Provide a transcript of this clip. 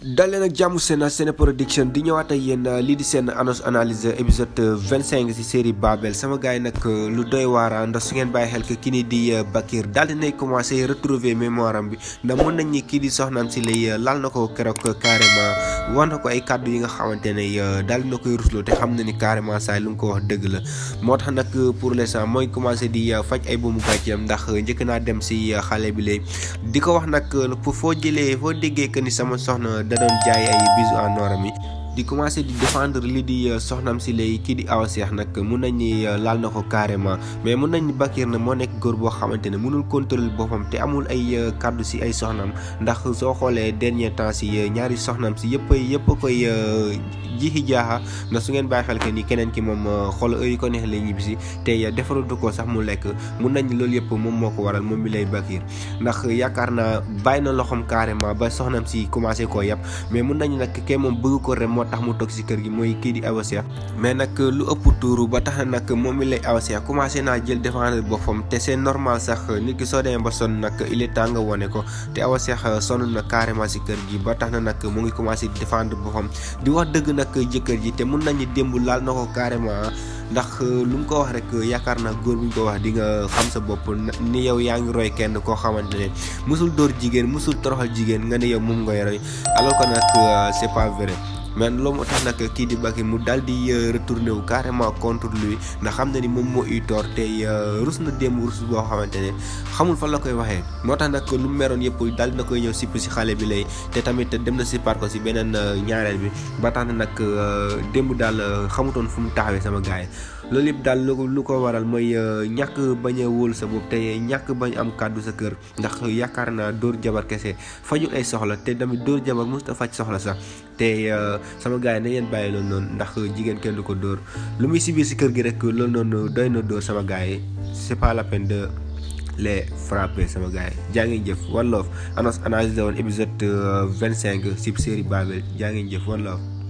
dal leen ak jàmm seen seen production di ñëwaat ak yéen lii di seen annonce analyse épisode vingt cinq ci série Babel sama gars yi nag lu doy waara ndax su ngeen bàyyi xel ki ni di euh, Bakir daal di nay commencé retrouver mémoire am bi ndax mën nañ ni kii di soxnaam si lay euh, laal na ko keroog carrément wax na ko ay kàddu yi nga xamante ne euh, daal na koy rusloo te xam na ni carrément saa lu nga ko wax dëgg la moo tax nag pour l'instant mooy commencé di faj ay buumu gàcceem ndax njëkk naa dem si xale bi lay di ko wax nag foo jëlee foo déggee que ni sama soxna. da doon jaay ay bijoux en di commencé di défendre li di euh, soxnam si léegi kii di Awa Cheikh nag mun nañu euh, laal na ko carrément mais mun nañu Bakir na moo nekk góor boo xamante ne mënul contrôler boppam te amul ay euh, kàddu si ay soxnam ndax soo xoolee dernier temps si ñaari soxnam si yëpp yëpp koy ji jaaxa na su ngeen bàyyi xel que ni keneen ki moom xool heure ko neex lay ñibbi si te defaratu ko sax mu lekk mun nañ loolu yëpp moom moo ko waral moom bi lay Bakir ndax yaakaar naa bàyyi na loxoom carrément ba soxnam si commencé ko rek motax mu tok ci kër gi moy ki di awasia ya. mais nak lu ëpp touru ba tax nak momi lay ya, commencé ya na jël défendre bofam té c'est normal sax ni ki so dem ba son nak il est temps woné ko té ya, sonu na carrément ci kër gi ba tax na nak mu ngi commencé défendre bofam di wax deug nak jëkër ji té mën nañu dembu laal nako carrément ndax lu ko wax rek yaakaar na góor buñ ko wax di nga xam sa bopp ni yow yaa roy kenn koo xamante musul dóor jigéen musul toroxal jigen, nga ne yow moom ngay roy alors que nag eh, c'est pas vrai man loolu moo tax nag kii di Mbacké mu daal di carrément contre lui ndax xam ni moom moo i toor tey rus na démb rus boo xamante xamul fan la koy lu koy si xale bi lay te tamit dem na si parko si beneen bi ba nak na nag démb daal fu mu taxawee sama gaay lu ko waral mooy ñàkk bañ a sa bopp te ñàkk bañ am kàddu sa kër ndax jabar kese fajul ay eh, soxla te tamit dóor jabar mus soxla te sama gaya yi na ngeen bàyyi loolu noonu ndax jigéen kenn du ko dóor lu muy si kër gi rek loolu noonu doy na dóor sama gars yi c'est pas la peine de les frapper sama gars yi jaa ngeen jëf one love anas anas la woon épisode 25 uh, si série Babel jaa ngeen jëf one love